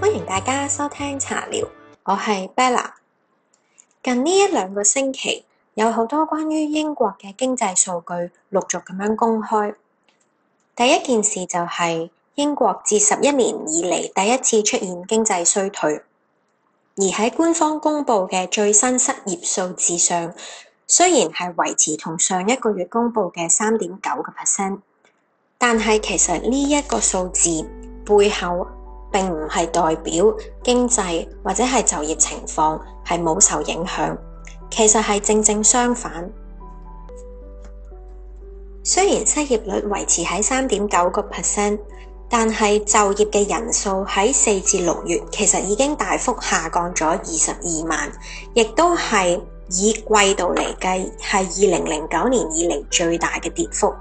歡迎大家收聽茶聊，我係 Bella。近呢一兩個星期，有好多關於英國嘅經濟數據陸續咁樣公開。第一件事就係英國自十一年以嚟第一次出現經濟衰退，而喺官方公布嘅最新失業數字上，雖然係維持同上一個月公布嘅三點九個 percent，但係其實呢一個數字背後。並唔係代表經濟或者係就業情況係冇受影響，其實係正正相反。雖然失業率維持喺三點九個 percent，但係就業嘅人數喺四至六月其實已經大幅下降咗二十二萬，亦都係以季度嚟計，係二零零九年以嚟最大嘅跌幅。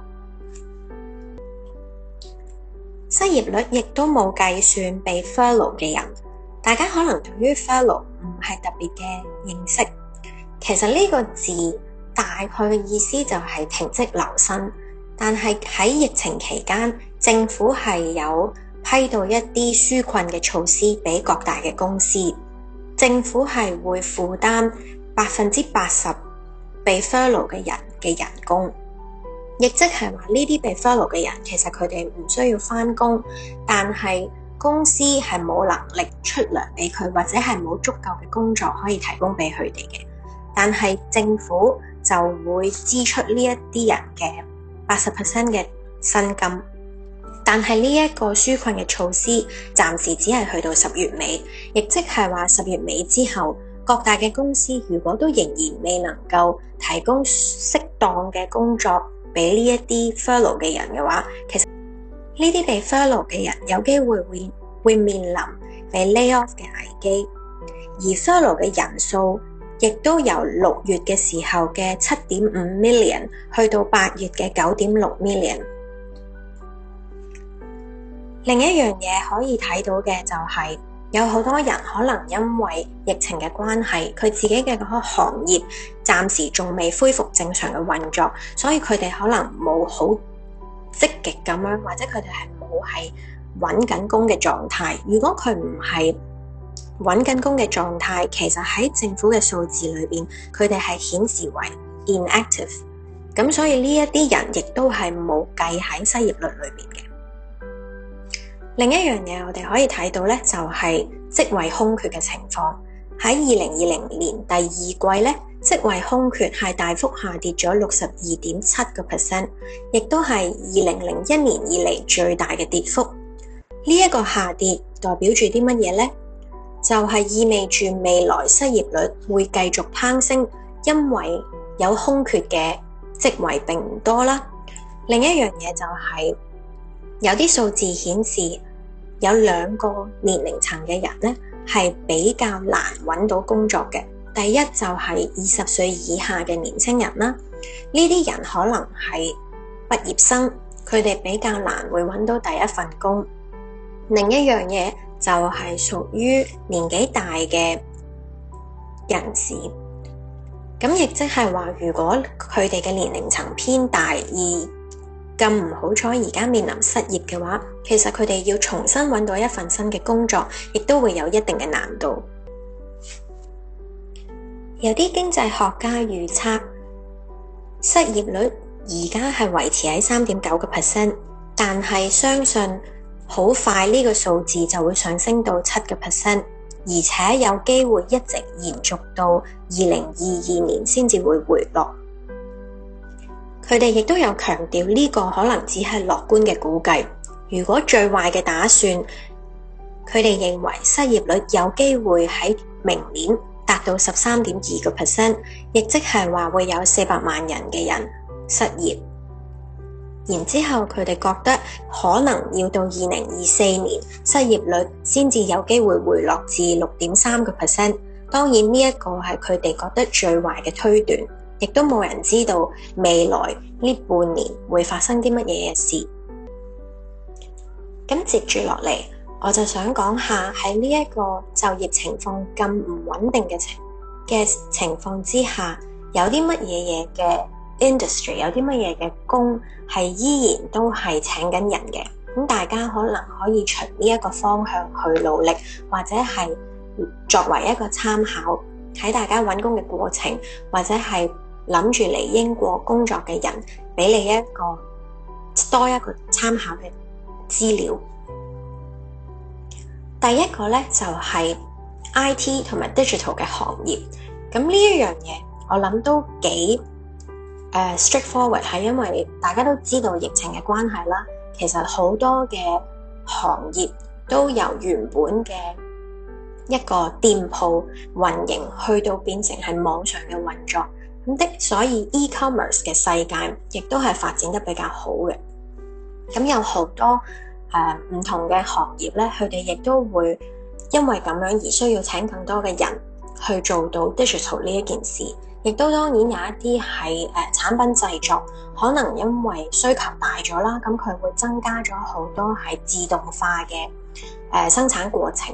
失業率亦都冇計算被 furlough 嘅人，大家可能對於 furlough 唔係特別嘅認識。其實呢個字大概嘅意思就係停職留薪，但係喺疫情期間，政府係有批到一啲紓困嘅措施俾各大嘅公司，政府係會負擔百分之八十被 furlough 嘅人嘅人工。亦即係話，呢啲被 follow 嘅人其實佢哋唔需要翻工，但係公司係冇能力出糧俾佢，或者係冇足夠嘅工作可以提供俾佢哋嘅。但係政府就會支出呢一啲人嘅八十 percent 嘅薪金。但係呢一個紓困嘅措施暫時只係去到十月尾，亦即係話十月尾之後，各大嘅公司如果都仍然未能夠提供適當嘅工作，俾呢一啲 furlough 嘅人嘅話，其實呢啲被 furlough 嘅人有機會會會面臨被 lay off 嘅危機，而 furlough 嘅人數亦都由六月嘅時候嘅七點五 million 去到八月嘅九點六 million。另一樣嘢可以睇到嘅就係、是。有好多人可能因為疫情嘅關係，佢自己嘅個行業暫時仲未恢復正常嘅運作，所以佢哋可能冇好積極咁樣，或者佢哋係冇係揾緊工嘅狀態。如果佢唔係揾緊工嘅狀態，其實喺政府嘅數字裏邊，佢哋係顯示為 inactive。咁所以呢一啲人亦都係冇計，喺失業率裏面。另一樣嘢，我哋可以睇到咧，就係職位空缺嘅情況。喺二零二零年第二季咧，職位空缺係大幅下跌咗六十二點七個 percent，亦都係二零零一年以嚟最大嘅跌幅。呢一個下跌代表住啲乜嘢咧？就係意味住未來失業率會繼續攀升，因為有空缺嘅職位並唔多啦。另一樣嘢就係有啲數字顯示。有兩個年齡層嘅人呢，係比較難揾到工作嘅。第一就係二十歲以下嘅年輕人啦，呢啲人可能係畢業生，佢哋比較難會揾到第一份工。另一樣嘢就係屬於年紀大嘅人士，咁亦即係話，如果佢哋嘅年齡層偏大而。咁唔好彩，而家面臨失業嘅話，其實佢哋要重新揾到一份新嘅工作，亦都會有一定嘅難度。有啲經濟學家預測，失業率而家係維持喺三點九個 percent，但係相信好快呢個數字就會上升到七個 percent，而且有機會一直延續到二零二二年先至會回落。佢哋亦都有強調，呢個可能只係樂觀嘅估計。如果最壞嘅打算，佢哋認為失業率有機會喺明年達到十三點二個 percent，亦即係話會有四百萬人嘅人失業。然之後佢哋覺得可能要到二零二四年失業率先至有機會回落至六點三個 percent。當然，呢一個係佢哋覺得最壞嘅推斷。亦都冇人知道未來呢半年會發生啲乜嘢嘅事。咁接住落嚟，我就想講下喺呢一個就業情況咁唔穩定嘅情嘅情況之下，有啲乜嘢嘢嘅 industry，有啲乜嘢嘅工係依然都係請緊人嘅。咁大家可能可以循呢一個方向去努力，或者係作為一個參考喺大家搵工嘅過程，或者係。諗住嚟英國工作嘅人，俾你一個多一個參考嘅資料。第一個咧就係 IT 同埋 digital 嘅行業。咁呢一樣嘢，我諗都幾誒 straightforward，係因為大家都知道疫情嘅關係啦。其實好多嘅行業都由原本嘅一個店鋪運營，去到變成係網上嘅運作。的，所以 e-commerce 嘅世界亦都係發展得比較好嘅。咁有好多誒、呃、唔同嘅行業咧，佢哋亦都會因為咁樣而需要請更多嘅人去做到 digital 呢一件事。亦都當然有一啲係誒產品製作，可能因為需求大咗啦，咁佢會增加咗好多係自動化嘅誒、呃、生產過程。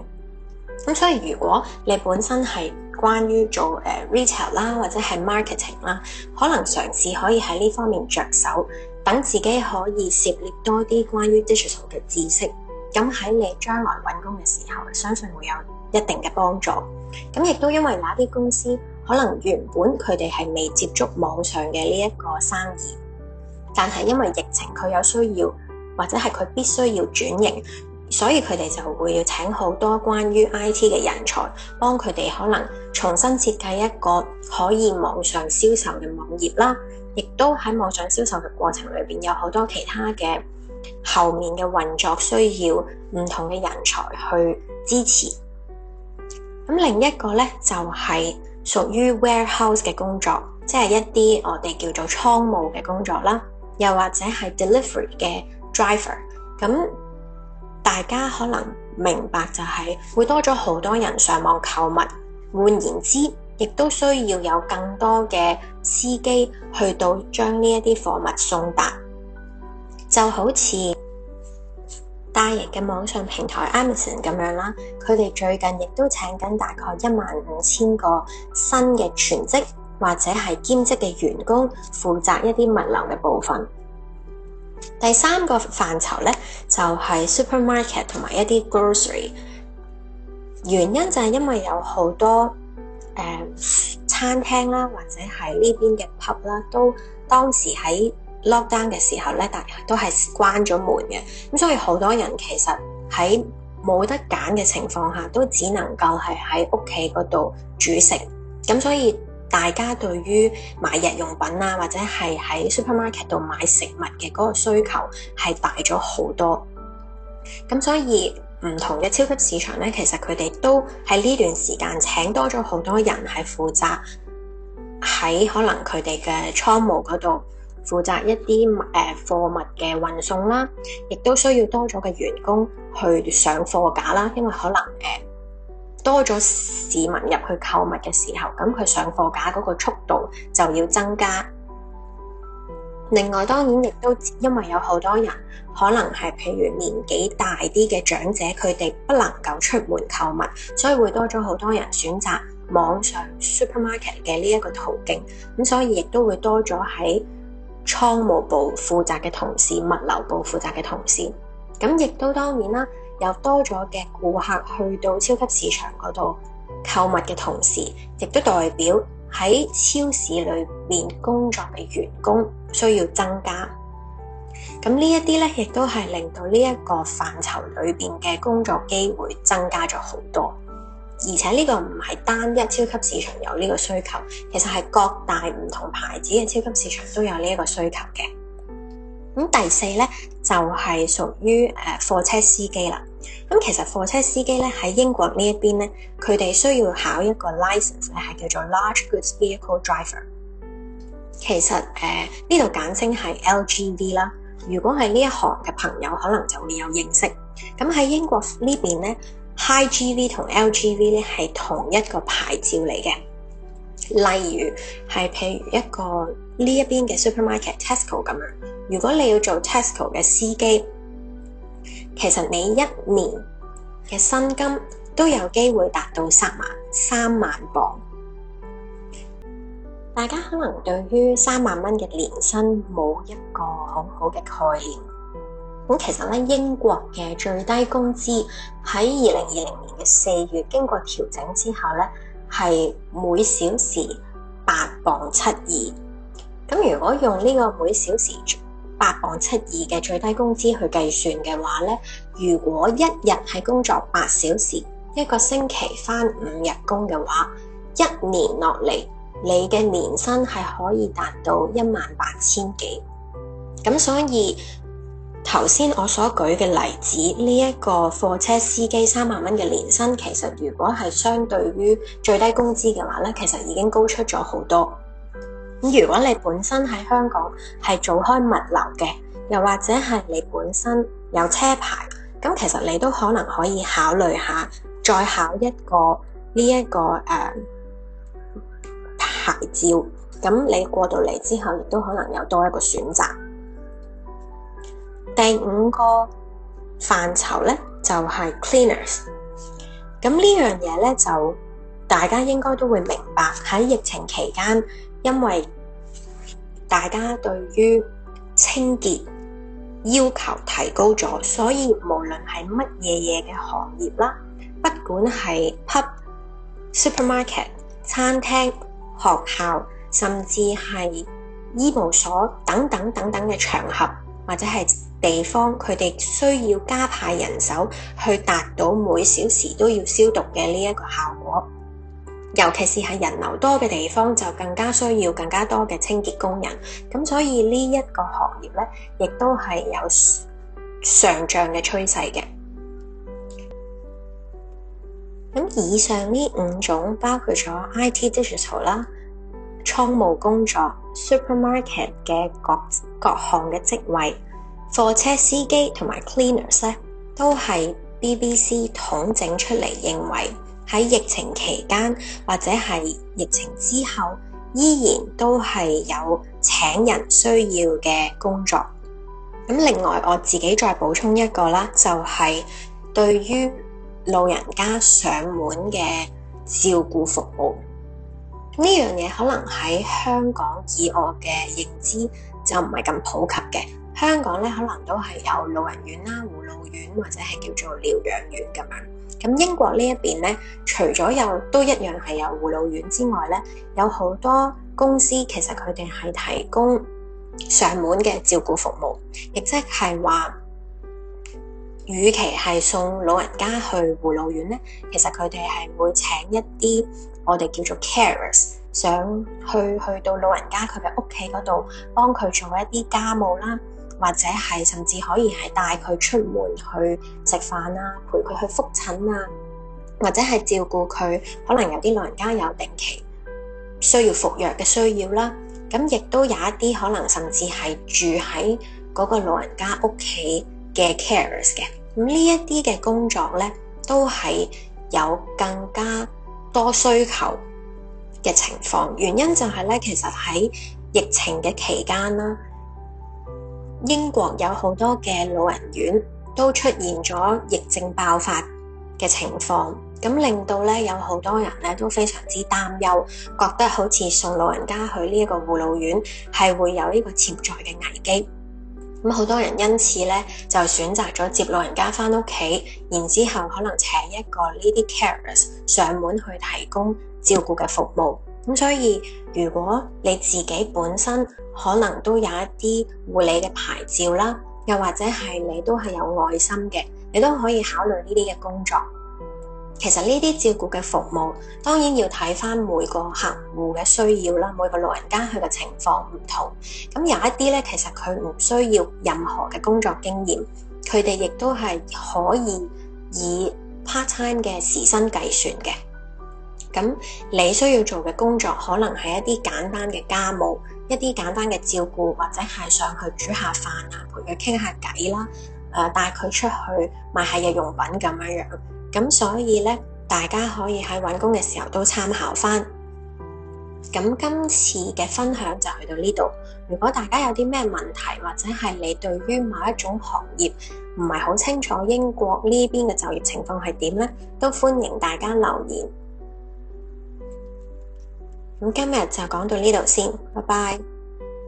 咁所以如果你本身係關於做誒、uh, retail 啦、啊，或者係 marketing 啦、啊，可能嘗試可以喺呢方面着手，等自己可以涉獵多啲關於 digital 嘅知識，咁喺你將來搵工嘅時候、啊，相信會有一定嘅幫助。咁亦都因為那啲公司可能原本佢哋係未接觸網上嘅呢一個生意，但係因為疫情佢有需要，或者係佢必須要轉型。所以佢哋就會要請好多關於 IT 嘅人才，幫佢哋可能重新設計一個可以網上銷售嘅網頁啦，亦都喺網上銷售嘅過程裏邊有好多其他嘅後面嘅運作需要唔同嘅人才去支持。咁另一個呢，就係屬於 warehouse 嘅工作，即係一啲我哋叫做倉務嘅工作啦，又或者係 delivery 嘅 driver 咁。大家可能明白，就係會多咗好多人上網購物。換言之，亦都需要有更多嘅司機去到將呢一啲貨物送達。就好似大型嘅網上平台 Amazon 咁樣啦，佢哋最近亦都請緊大概一萬五千個新嘅全職或者係兼職嘅員工，負責一啲物流嘅部分。第三個範疇呢，就係、是、supermarket 同埋一啲 grocery。原因就係因為有好多誒、呃、餐廳啦，或者係呢邊嘅 pub 啦，都當時喺 lockdown 嘅時候呢，大家都係關咗門嘅。咁所以好多人其實喺冇得揀嘅情況下，都只能夠係喺屋企嗰度煮食。咁所以。大家對於買日用品啊，或者係喺 supermarket 度買食物嘅嗰個需求係大咗好多。咁所以唔同嘅超級市場咧，其實佢哋都喺呢段時間請多咗好多人，係負責喺可能佢哋嘅倉務嗰度負責一啲誒貨物嘅運送啦，亦都需要多咗嘅員工去上貨架啦，因為可能誒。多咗市民入去購物嘅時候，咁佢上貨架嗰個速度就要增加。另外，當然亦都因為有好多人可能係譬如年紀大啲嘅長者，佢哋不能夠出門購物，所以會多咗好多人選擇網上 supermarket 嘅呢一個途徑。咁所以亦都會多咗喺倉務部負責嘅同事、物流部負責嘅同事。咁亦都當然啦。有多咗嘅顧客去到超級市場嗰度購物嘅同時，亦都代表喺超市裏面工作嘅員工需要增加。咁呢一啲咧，亦都係令到呢一個範疇裏邊嘅工作機會增加咗好多。而且呢個唔係單一超級市場有呢個需求，其實係各大唔同牌子嘅超級市場都有呢一個需求嘅。咁第四咧就係、是、屬於誒、呃、貨車司機啦。咁其實貨車司機咧喺英國呢一邊咧，佢哋需要考一個 license 咧，係叫做 Large Goods Vehicle Driver。其實誒呢度簡稱係 LGV 啦。如果係呢一行嘅朋友，可能就會有認識。咁喺英國邊呢邊咧，High GV 同 LGV 咧係同一個牌照嚟嘅。例如係譬如一個呢一邊嘅 supermarket Tesco 咁啊。如果你要做 Tesco 嘅司機，其實你一年嘅薪金都有機會達到三萬，三萬磅。大家可能對於三萬蚊嘅年薪冇一個好好嘅概念。咁其實咧，英國嘅最低工資喺二零二零年嘅四月經過調整之後咧，係每小時八磅七二。咁如果用呢個每小時八磅七二嘅最低工資去計算嘅話呢，如果一日係工作八小時，一個星期返五日工嘅話，一年落嚟你嘅年薪係可以達到一萬八千幾。咁所以頭先我所舉嘅例子，呢一個貨車司機三萬蚊嘅年薪，其實如果係相對於最低工資嘅話呢，其實已經高出咗好多。咁如果你本身喺香港係做開物流嘅，又或者係你本身有車牌，咁其實你都可能可以考慮下，再考一個呢一個誒牌照。咁你過到嚟之後，亦都可能有多一個選擇。第五個範疇咧就係 cleaners。咁呢樣嘢咧就大家應該都會明白，喺疫情期間因為。大家對於清潔要求提高咗，所以無論係乜嘢嘢嘅行業啦，不管係 pub、supermarket、餐廳、學校，甚至係醫務所等等等等嘅場合，或者係地方，佢哋需要加派人手去達到每小時都要消毒嘅呢一個效果。尤其是係人流多嘅地方，就更加需要更加多嘅清潔工人。咁所以呢一個行業咧，亦都係有上漲嘅趨勢嘅。咁以上呢五種，包括咗 I T digital 啦、倉務工作、supermarket 嘅各各項嘅職位、貨車司機同埋 cleaners 咧，都係 B B C 統整出嚟認為，喺疫情期間或者係疫情之後，依然都係有請人需要嘅工作。咁另外我自己再補充一個啦，就係對於老人家上門嘅照顧服務。呢樣嘢可能喺香港以我嘅認知就唔係咁普及嘅。香港咧可能都係有老人院啦、護老院或者係叫做療養院咁啊。咁英國呢一邊咧，除咗有都一樣係有護老院之外咧，有好多公司其實佢哋係提供上門嘅照顧服務，亦即係話，與其係送老人家去護老院咧，其實佢哋係會請一啲我哋叫做 carers，想去去到老人家佢嘅屋企嗰度幫佢做一啲家務啦。或者係甚至可以係帶佢出門去食飯啊，陪佢去復診啊，或者係照顧佢。可能有啲老人家有定期需要服藥嘅需要啦。咁亦都有一啲可能，甚至係住喺嗰個老人家屋企嘅 carers 嘅。咁呢一啲嘅工作咧，都係有更加多需求嘅情況。原因就係咧，其實喺疫情嘅期間啦。英國有好多嘅老人院都出現咗疫症爆發嘅情況，咁令到咧有好多人咧都非常之擔憂，覺得好似送老人家去呢一個護老院係會有呢個潛在嘅危機。咁好多人因此咧就選擇咗接老人家翻屋企，然之後可能請一個 lady carers 上門去提供照顧嘅服務。咁所以，如果你自己本身可能都有一啲護理嘅牌照啦，又或者係你都係有愛心嘅，你都可以考慮呢啲嘅工作。其實呢啲照顧嘅服務，當然要睇翻每個客戶嘅需要啦，每個老人家佢嘅情況唔同。咁有一啲咧，其實佢唔需要任何嘅工作經驗，佢哋亦都係可以以 part time 嘅時薪計算嘅。咁你需要做嘅工作可能係一啲簡單嘅家務，一啲簡單嘅照顧，或者係上去煮下飯啊，陪佢傾下偈啦，誒、呃，帶佢出去買下日用品咁樣樣、啊。咁所以咧，大家可以喺揾工嘅時候都參考翻。咁今次嘅分享就去到呢度。如果大家有啲咩問題，或者係你對於某一種行業唔係好清楚，英國呢邊嘅就業情況係點咧，都歡迎大家留言。咁今日就講到呢度先，拜拜。